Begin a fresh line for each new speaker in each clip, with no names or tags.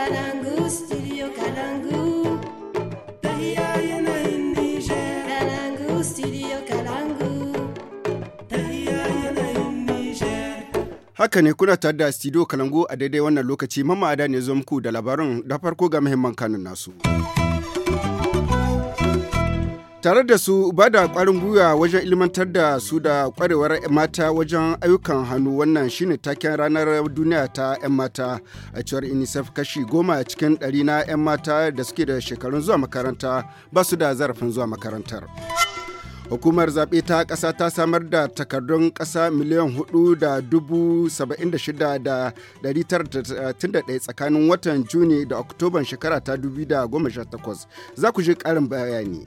Kalangu, studio Kalangu. Tahiya yanayin Nijar. Kalangu, studio Kalangu. Tahiya
yanayin Nijar. Haka ne kuna tare da studio Kalangu a daidai wannan lokaci mamada ne zo da labarin da farko ga muhimman kanun nasu. tare da su ba da ƙwarin gwiwa wajen ilmantar da su da ƙwarewar mata wajen ayyukan hannu wannan shine taken ranar duniya ta 'yan mata a cewar unicef kashi goma cikin ɗari na 'yan mata da suke da shekarun zuwa makaranta ba su da zarafin zuwa makarantar hukumar zaɓe ta ƙasa ta samar da takardun ƙasa miliyan hudu da dubu tsakanin watan juni da oktoban shekara ta 2018 za ku ji ƙarin bayani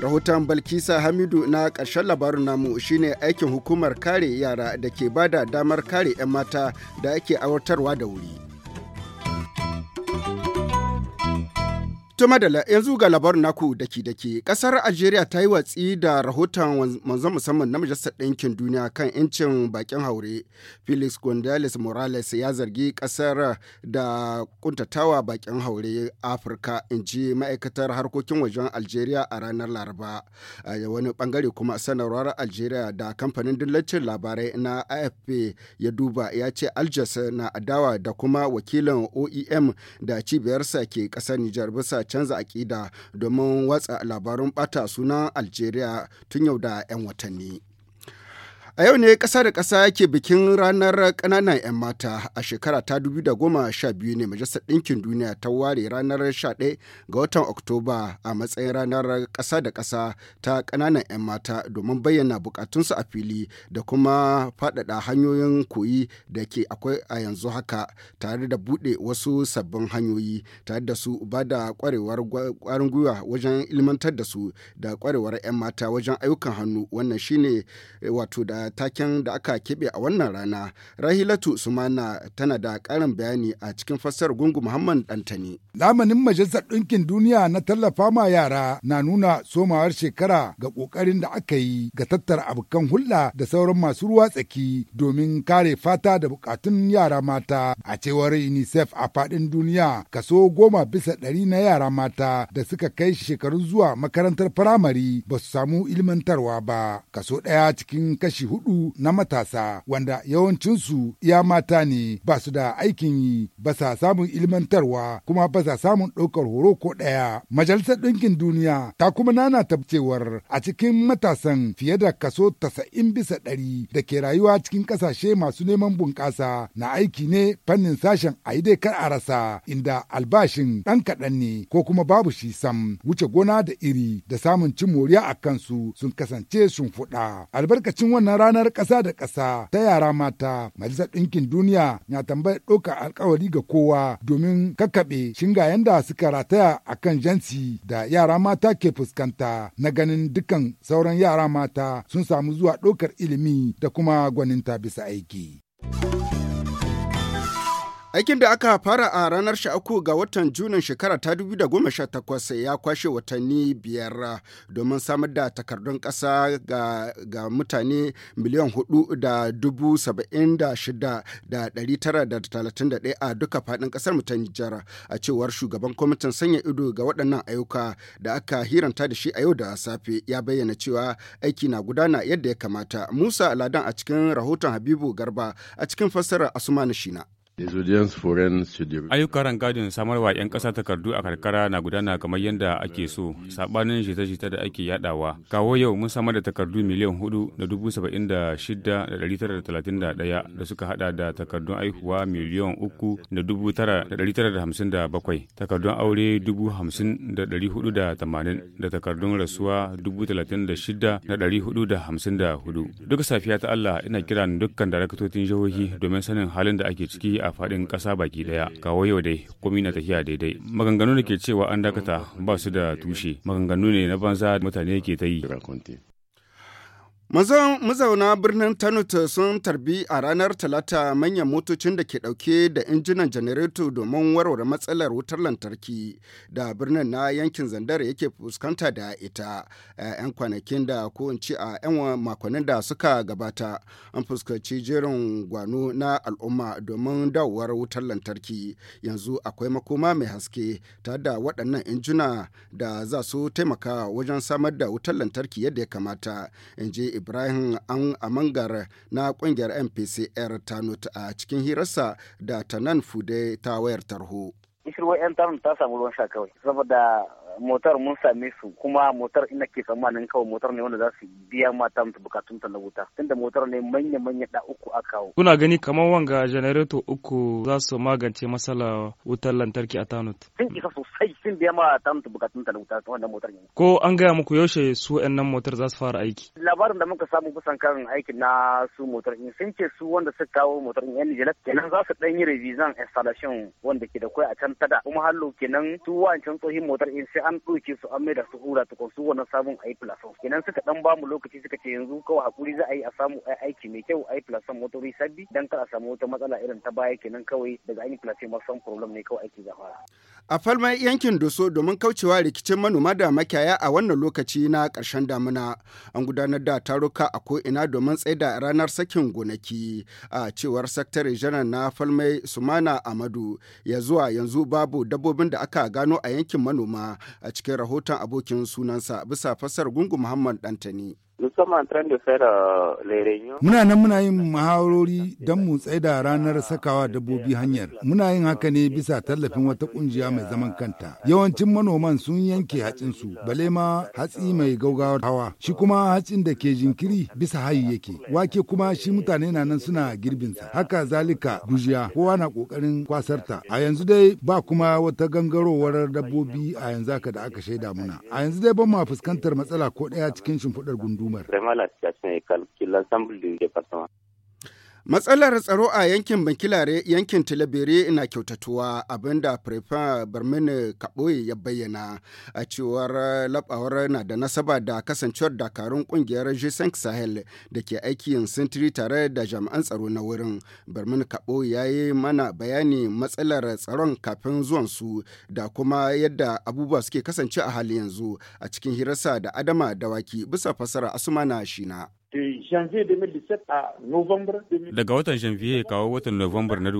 rahoton balkisa hamidu na karshen labarin namu shine aikin hukumar kare yara da ke ba da damar kare 'yan mata da ake awartarwa da wuri To madala yanzu ga labarin naku daki daki kasar Algeria ta yi watsi da rahoton manzo musamman na Majalisar Ɗinkin Duniya kan incin bakin haure. Felix Gonzalez Morales ya zargi kasar da kuntatawa bakin haure Afirka in ji ma'aikatar harkokin wajen Algeria a ranar Laraba. A wani bangare kuma sanarwar Algeria da kamfanin dillacin labarai na AFP ya duba ya ce Aljas na adawa da kuma wakilin OEM da cibiyarsa ke kasar Nijar bisa canza aƙida domin watsa labarun ɓata sunan Algeria tun yau da 'yan watanni. A yau ne ƙasa da kasa ke bikin ranar ƙananan 'yan mata a shekara ta 2012 ne Majalisar Ɗinkin Duniya ta ware ranar 11 ga watan Oktoba a matsayin ranar ƙasa da ƙasa ta ƙananan 'yan mata domin bayyana bukatunsu a fili da kuma faɗaɗa hanyoyin koyi da ke akwai a yanzu haka tare da buɗe wasu sabbin hanyoyi tare da su ba da ƙwarewar ƙwarin gwiwa wajen ilmantar da su da kwarewar 'yan mata wajen ayyukan hannu wannan shine eh, wato da taken da aka keɓe a wannan rana. Rahilatu Sumana tana da ƙarin bayani a cikin fassarar Gungu Muhammad Dantani.
Lamanin Majalisar Ɗinkin Duniya na tallafa ma yara na nuna somawar shekara ga ƙoƙarin da aka yi ga tattara abokan hulɗa da sauran masu ruwa tsaki domin kare fata da buƙatun yara mata a cewar UNICEF a faɗin duniya kaso goma bisa ɗari na yara mata da suka kai shekaru zuwa makarantar firamare ba su samu ilmantarwa ba kaso ɗaya cikin kashi hudu na matasa wanda yawancinsu ya mata ne ba su da aikin yi ba sa samun ilmantarwa kuma ba sa samun ɗaukar horo ko ɗaya. Majalisar Ɗinkin Duniya ta kuma nana tabcewar a cikin matasan fiye da kaso tasa'in bisa ɗari da ke rayuwa cikin ƙasashe masu neman bunƙasa na aiki ne fannin sashen a yi kar a rasa inda albashin ɗan kaɗan ne ko kuma babu shi sam wuce gona da iri da samun cin moriya a kansu sun kasance sun fuɗa. Albarkacin wannan ranar ƙasa da ƙasa ta yara mata majalisar ɗinkin duniya na tambayar ɗaukar alkawari ga kowa domin kakkaɓe shingayen da suka rataya a kan jansi da yara mata ke fuskanta na ganin dukkan sauran yara mata sun samu zuwa ɗaukar ilimi da kuma gwaninta bisa aiki.
Aikin da aka fara a ranar 13 ga watan Junin shekara ta 2018 ya kwashe watanni biyar domin samar da takardun ƙasa ga, ga mutane miliyan hudu da dubu a duka faɗin ƙasar mutane jara a cewar shugaban kwamitin sanya ido ga waɗannan ayyuka da aka hiranta da shi a yau da safe ya bayyana cewa aiki na gudana yadda ya kamata. Musa Aladan a cikin rahoton Habibu Garba a cikin fassarar Asuma Shina.
Ayyukan
rangadin samarwa 'yan ƙasa takardu a karkara na gudana kamar yadda ake so, saɓanin jita-jita da ake yadawa. Kawo yau mun samar da takardu miliyan hudu da dubu saba'in da shida da ɗari tara da talatin da ɗaya da suka hada da takardun aihuwa miliyan uku da dubu tara da ɗari tara da hamsin da bakwai, takardun aure dubu hamsin da ɗari hudu da tamanin da takardun rasuwa dubu talatin da shida da ɗari hudu da hamsin da hudu. Duk safiya ta Allah ina kiran dukkan daraktotin jihohi domin sanin halin da ake ciki a a faɗin ƙasa baki ɗaya. Kawo yau dai komi na tafiya daidai. Maganganu da ke cewa an dakata ba su da tushe. Maganganu ne na banza mutane ke ta yi.
Mazauna birnin Tanut sun tarbi a ranar Talata manyan motocin da ke ɗauke da injinan janareto domin warware matsalar wutar lantarki da birnin na yankin Zandar yake fuskanta da ita. A 'yan kwanakin da ko a 'yan makonnin da suka gabata an fuskanci jerin gwano na al'umma domin dawowar wutar lantarki. Yanzu akwai makoma mai haske ta da waɗannan injina da za su taimaka wajen samar da wutar lantarki yadda ya kamata. In je Ibrahim An Amangar na kungiyar MPCR Tanut a cikin hirarsa da Tanan Fude ta wayar tarho.
Kishirwa 'yan tarun ta samu ruwan sha kawai saboda motar mun same su kuma motar ina ke tsammanin kawai motar ne wanda za su biya mata mutu bukatun ta na wuta tunda motar ne manya manya da uku a kawo.
Kuna gani kamar wanga janareto uku za su magance matsala wutar lantarki a Tanut.
Sun isa sosai sun biya ma ta mutu bukatun ta na wuta ta wannan motar ne.
Ko an gaya muku yaushe su yan nan motar za su fara aiki.
Labarin da muka samu kusan kan aikin na su motar in sun ce su wanda suka kawo motar in yan Nijar kenan za su ɗan yi revision installation wanda ke da kwai a can tada kuma hallo kenan su wancan tsohin motar in sai an ɗauke su an maida su hura tukun su wannan sabon a yi plasan kenan suka dan bamu lokaci suka ce yanzu kawai hakuri za a yi a samu aiki mai kyau a yi plasan motori sabbi dan kar a samu wata matsala irin ta baya kenan kawai daga an yi plasan ma san problem ne kawai aiki za fara.
a falma yankin doso domin kaucewa rikicin manoma da makiyaya a wannan lokaci na ƙarshen damuna an gudanar da taruka a ko'ina domin tsaida ranar sakin gonaki a cewar sakatare janar na falmai sumana amadu ya zuwa yanzu babu dabbobin da aka gano a yankin manoma a cikin rahoton abokin sunansa bisa fasar gungu muhammad dantani. Euh, muna nan muna yin muhawarori don mu da ranar sakawa dabbobi
hanyar. Muna yin haka ne bisa tallafin wata kungiya mai zaman kanta. Yawancin manoman sun yanke hatsinsu, bale ma hatsi mai gaugawar hawa. Shi kuma hatsin da ke jinkiri bisa hayi yake. Wake kuma shi mutane na nan suna girbinsa. Haka zalika gujiya kowa na kokarin kwasarta. A yanzu dai ba kuma wata gangarowar dabbobi a yanzu haka da aka shaida muna. A yanzu dai ban ma fuskantar matsala ko ɗaya cikin shimfiɗar gundu. ኡመር
Vraiment la situation est calculable l'ensemble du département
Matsalar tsaro a yankin Bankilare yankin Tilabere na kyautatuwa abinda Prefa Barmini Kaboye ya bayyana a cewar labawar na da nasaba da kasancewar dakarun kungiyar g Sahel da ke aiki yin sintiri tare da jami'an tsaro na wurin. Barmini Kaboye ya yi mana bayani matsalar tsaron kafin zuwan su da kuma yadda abubuwa suke kasance a hali yanzu a cikin hirarsa da Adama Dawaki bisa fasara Asumana Shina.
Daga watan janvier kawo watan Novambar na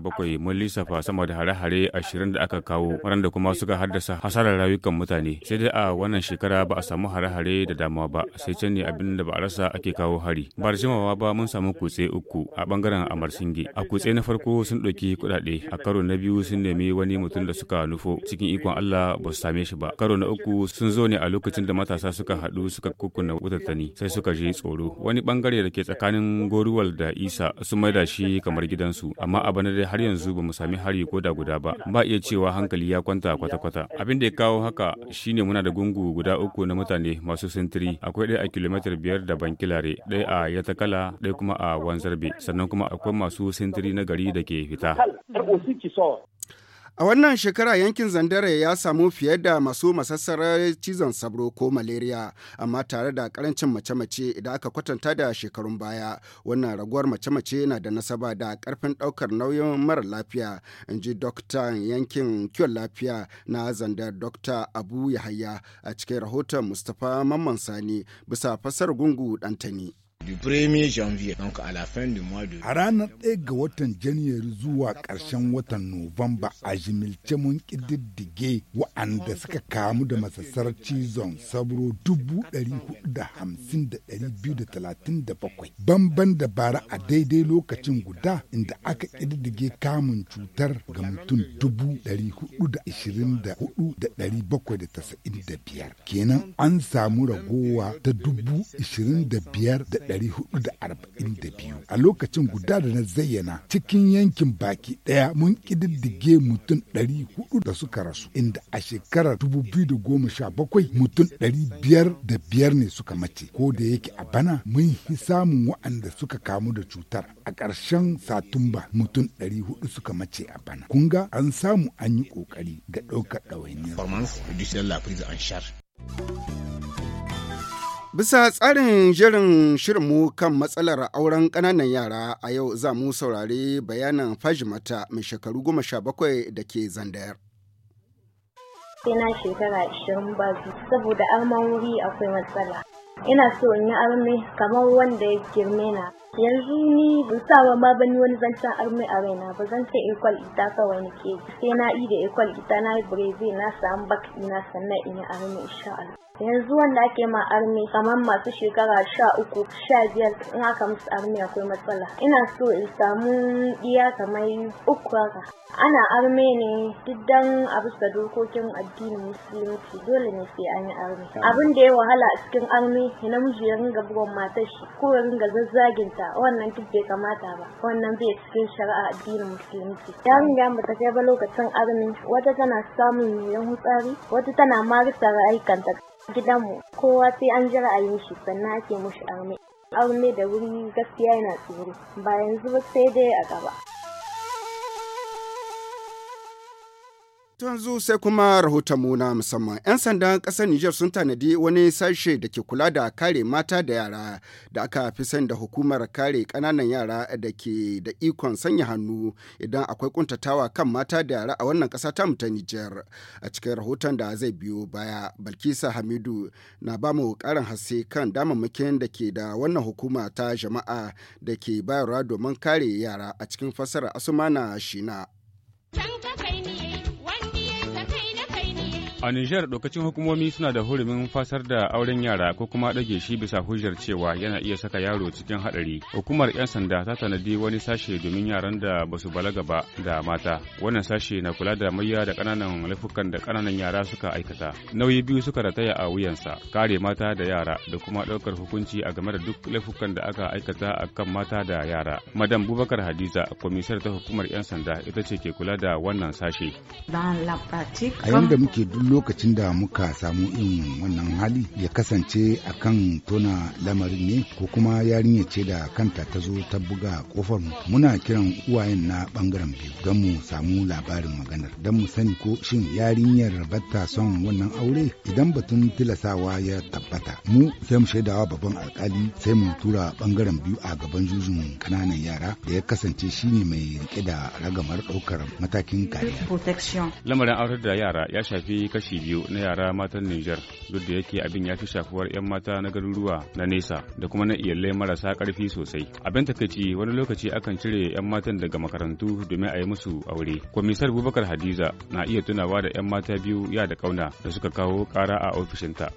bakwai mun lissafa sama da hare-hare ashirin da aka kawo waɗanda kuma suka haddasa hasarar rayukan mutane. Sai dai a wannan shekara ba a samu hare-hare da damuwa ba sai can ne abin da ba a rasa ake kawo hari. Ba da jimawa ba mun samu kutse uku a bangaren Amarsinge. A kutse na farko sun ɗauki kuɗaɗe a karo na biyu sun nemi wani mutum da suka nufo cikin ikon Allah ba su same shi ba. Karo na uku sun zo ne a lokacin da matasa suka haɗu suka kukkuna wutattani sai suka suka tsoro wani bangare da ke tsakanin goruwal da isa su maida shi kamar gidansu amma a bana dai har yanzu ba mu sami hari ko da guda ba ba iya cewa hankali ya kwanta kwata-kwata abin da ya kawo haka shine muna da gungu guda uku na mutane masu sintiri akwai ɗaya a kilomitar biyar da bankilare ɗaya a yatakala ɗaya kuma a wanzarbe sannan kuma akwai masu sintiri na gari da ke fita
A wannan shekara yankin Zandare ya samu fiye da masu masassarar cizon sabro ko malaria, amma tare da karancin mace-mace idan aka kwatanta da shekarun baya. Wannan raguwar mace-mace na da nasaba da karfin daukar nauyin mara lafiya, in ji Doktan yankin kiwon lafiya na Zandar Dokta Abu Yahaya a cikin rahoton Mustapha Mamman Sani bisa fasar gungu Dantani. du janvier. donc A ranar ɗaya ga watan Janairu
zuwa ƙarshen watan Nuwamba a jimilce mun ƙididdige wa'anda suka kamu da masassar cizon sabro 450,237 banban da bara a daidai lokacin guda inda aka ƙididdige kamun cutar ga mutum 424,795 kenan an samu ragowa ta 25,000 442 a lokacin guda da na zayyana cikin yankin baki daya mun kididdige mutum 400 da suka rasu inda a shekarar 2017 mutum da biyar ne suka mace ko da yake a bana mun yi samun wa'anda suka kamu da cutar a ƙarshen satumba mutum 400 suka mace a bana kunga an samu an yi ƙoƙari ga ɗaukar ɗawainiyar
Bisa tsarin jerin shirinmu kan matsalar auren ƙananan yara a yau za mu saurari bayanan Fajimata mai shekaru goma sha bakwai da ke Zandayar.
Sai na shekara ashirin ba saboda arman wuri akwai matsala. Ina so in yi arme kamar wanda ya girme na. yanzu ni ba sawa ma bani wani zancen armi a raina ba zan ce equal ita kawai nake sai na yi da equal ita na yi brazil na samu bak ina sannan in yi armi insha Allah yanzu wanda ake ma armi kamar masu shekara sha uku sha biyar in aka musu armi akwai matsala ina so in samu iya kamar uku haka ana armi ne duk dan a bisa dokokin addinin musulunci dole ne sai an yi arme abin da ya wahala a cikin armi namiji ya ringa bugon matar shi ko ya ringa zazzaginta kamata wannan duk bai kamata ba wannan bai cikin shari'a addinin musulunci yarinya ba ta kai ba lokacin armi wata tana samun yoyon hutsari wata tana marisa gidan gidanmu kowa sai an ji ra'ayin shi sannan ake mushi armi arme da wuri gaskiya yana tsoro ba yanzu ba sai dai a gaba
yanzu sai kuma rahoton na musamman 'yan sandan ƙasar Nijar sun tanadi wani sashe da ke kula da kare mata da yara da aka fi sani da hukumar kare kananan yara da ke da ikon sanya hannu idan akwai kuntatawa kan mata da yara a wannan ƙasa ta ta Nijar a cikin rahoton da zai biyo baya Balkisa Hamidu na ba mu ƙarin haske kan damammakin da ke da wannan hukuma ta jama'a da ke bayarwa domin kare yara a cikin fasara Asumana Shina. A Nijar
dokacin hukumomi suna da hurumin fasar da auren yara ko kuma ɗage shi bisa hujjar cewa yana iya saka yaro cikin haɗari. Hukumar 'yan sanda ta tanadi wani sashe domin yaran da ba su balaga ba da mata. Wannan sashe na kula da mayya da ƙananan laifukan da ƙananan yara suka aikata. Nauyi biyu suka rataya a wuyansa, kare mata da yara da kuma ɗaukar hukunci a game da duk laifukan da aka aikata a kan mata da yara. Madam Bubakar Hadiza, kwamisar ta hukumar 'yan sanda ita ce ke kula da wannan sashe.
A muke
dullo lokacin da muka samu in wannan hali ya kasance a kan tona lamarin ne ko kuma yarinya ce da kanta ta zo ta buga kofar mu muna kiran uwayen na bangaren biyu don mu samu labarin maganar don mu sani ko shin yarinyar batta son wannan aure idan batun tilasawa ya tabbata mu sai mu shaidawa babban alkali sai mu tura bangaren biyu a gaban jujun kananan yara da ya kasance shine mai rike da
ragamar ɗaukar
matakin kariya
lamarin aurar da yara ya shafi kashi kashi biyu na yara matan Nijar duk da yake abin ya fi shafuwar 'yan mata na garuruwa na nesa da kuma na iyalai marasa karfi sosai. Abin takaici wani lokaci akan cire 'yan matan daga makarantu domin a yi musu aure. Kwamisar Bubakar Hadiza na iya tunawa da 'yan mata biyu ya da kauna da suka kawo kara a ofishinta.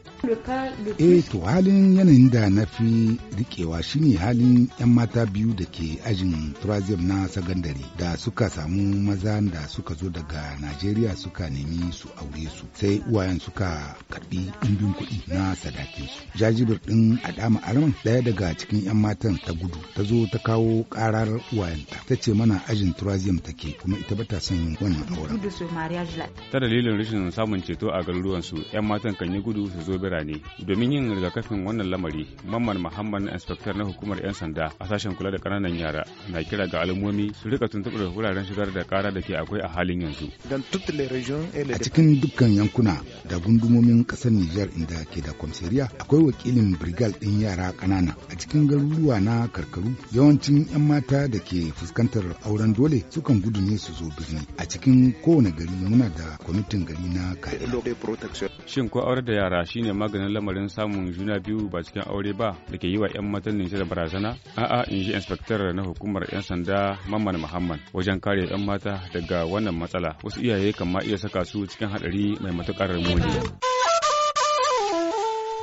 Eh to halin yanayin da na fi rikewa shine halin 'yan mata biyu da ke ajin Turazim na sagandare da suka samu maza da suka zo daga Najeriya suka nemi su aure su sai uwayen suka karbi ɗimbin kuɗi na sadakinsu jajibir ɗin adama arman ɗaya daga cikin 'yan matan ta gudu ta zo ta kawo ƙarar uwayenta ta ce mana ajin turaziyam
take kuma ita bata son wannan auren ta dalilin rashin samun ceto a garuruwan su 'yan matan kan yi gudu su zo birane domin yin rigakafin wannan lamari mamman muhammad inspector na hukumar 'yan sanda a sashen kula da ƙananan yara na kira ga al'ummomi su rika tuntuɓar wuraren shigar da ƙara da ke akwai a halin yanzu a
cikin dukkan yankuna da gundumomin ƙasar Nijar inda ke da kwamseriya akwai wakilin Brigal din yara kanana a cikin garuruwa na karkaru yawancin 'yan mata da ke fuskantar auren dole sukan gudu ne su zo birni a cikin kowane gari muna da kwamitin gari na
kariya. Shin ko aure da yara shine maganin lamarin samun juna biyu ba cikin aure ba da ke yi wa 'yan matan Nijar barazana? A'a in ji inspector na hukumar 'yan sanda Mamman Muhammad wajen kare 'yan mata daga wannan matsala wasu iyaye kan ma iya saka su cikin haɗari mai matukar muni.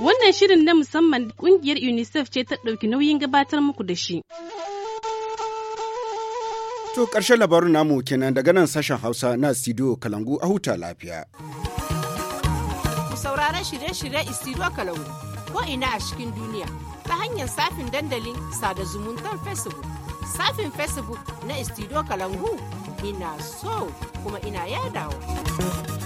Wannan shirin na musamman kungiyar UNICEF ce ta ɗauki nauyin gabatar muku da shi. To ƙarshen labarin namu kenan daga nan sashen Hausa na studio Kalangu a huta lafiya.
Ku saurara shirye-shirye studio Kalangu ko ina a cikin duniya ta hanyar safin
dandalin sada zumuntar Facebook. Safin Facebook na studio Kalangu
ina so kuma ina yadawa.